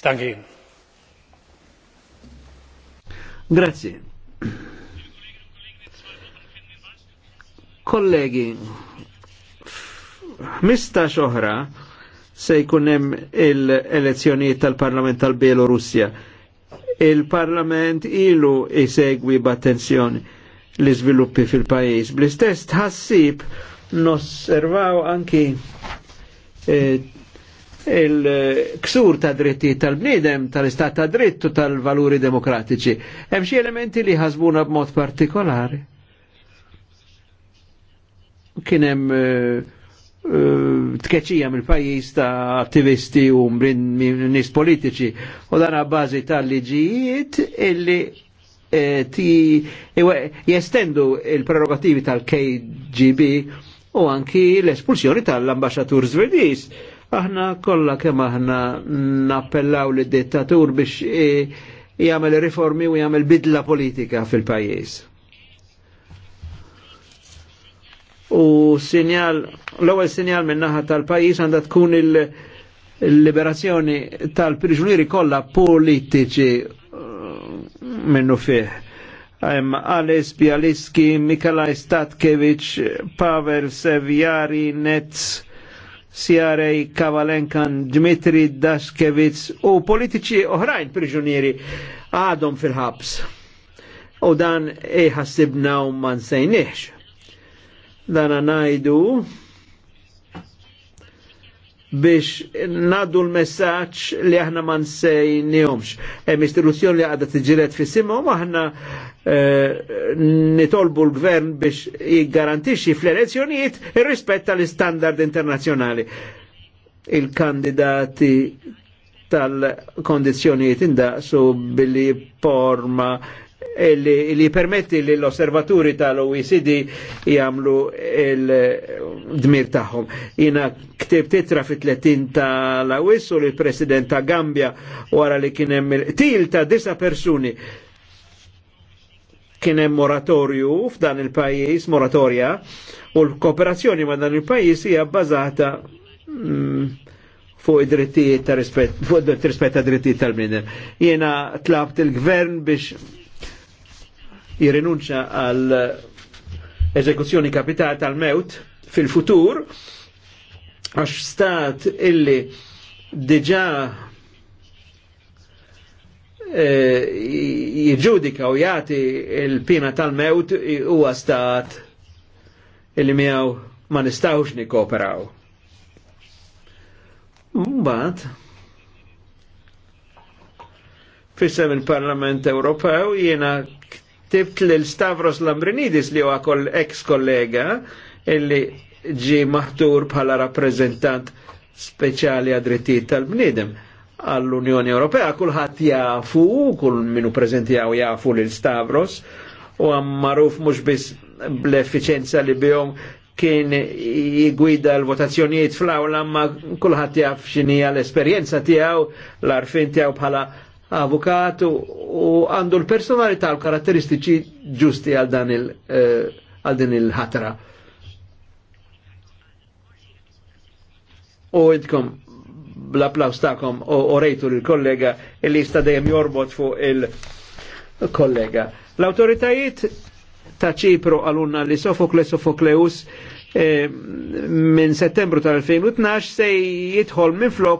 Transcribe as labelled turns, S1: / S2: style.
S1: Ich Grazie. Kollegi, 15 oħra se jkunem il-elezzjonijiet tal-Parlament tal-Bielorussja. Il-Parlament ilu isegwi b'attenzjoni li sviluppi fil-pajis. Bl-istess tħassib nosservaw anki eh, il-ksur ta' dritti tal-bnidem, tal-istat ta' drittu, tal-valuri demokratiċi. Hemm xi elementi li ħasbuna b'mod partikolari. Kien hemm eh, eh, tkeċija mill-pajjiż ta' attivisti u um, nies politiċi u dan bażi tal-liġijiet illi eh, jestendu il-prerogativi tal-KGB u anki l-espulsjoni tal-ambasċatur Zvedis. Aħna kollha kemm aħna nappellaw lid dittatur biex jagħmel riformi u jagħmel bidla politika fil-pajjiż. U sinjal, l-ewwel sinjal min-naħa tal-pajjiż għandha tkun il-liberazzjoni tal-priġunieri kollha politiċi uh, minnu fih. Ales Bialiski, Mikalaj Statkevich, Pavel Sevjari, Netz, Sjarej Kavalenkan, Dmitri Daskevic u politiċi oħrajn priġunieri għadhom fil-ħabs. U dan iħassibna u man sejniħx. Dan najdu biex naddu l-messaġġ li aħna man nsejniehomx. Hemm istituzzjoni li għadha tiġilet fis-simhom aħna Eh, nitolbu l-gvern biex jiggarantixxi fl-elezzjonijiet ir-rispett tal-istandard internazzjonali. Il-kandidati tal-kondizjonijiet indaqsu billi forma li, permetti li l-osservaturi tal-OECD jamlu il-dmir taħħom. Jina ktib titra fit 30 tal-awissu li president ta' Gambia wara li kienem il-til ta' disa persuni kien hemm moratorju f'dan il-pajjiż, moratorja, u l-kooperazzjoni ma' dan il-pajjiż hija bbażata mm, fuq id-drittijiet ta' rispett, fuq id-rispett ta' drittijiet tal-bniedem. Jiena tlabt il-gvern biex jirrinunċa għal eżekuzzjoni kapitali tal-mewt fil-futur għax stat illi diġa Eh, jiġudika u jati il-pina tal-mewt huwa stat illi miaw ma nistawx nikkooperaw. Mbagħad fissem il-Parlament Ewropew jena ktibt l Stavros Lambrinidis li huwa kol ex kollega illi ġi maħtur bħala rappresentant speċjali għad tal-bniedem għall-Unjoni Ewropea, kulħadd jafu, kull minu preżenti għaw jafu lil Stavros, u għam maruf mux biss bl-efficienza li bihom kien jgwida l-votazzjonijiet fl-awla ma kullħat jaf xinija l-esperienza tijaw, l-arfin tijaw bħala avukat u għandu l-personalità u karatteristiċi ġusti għal dan il- eh, għal din il-ħatra. U idkom l applaus ta'kom u rejtu l-kollega li jista dejjem jorbot fuq il-kollega. L-autoritajiet ta' ċipru għalunna li Sofokle Sofokleus eh, minn settembru tal-2012 se jidħol minn flok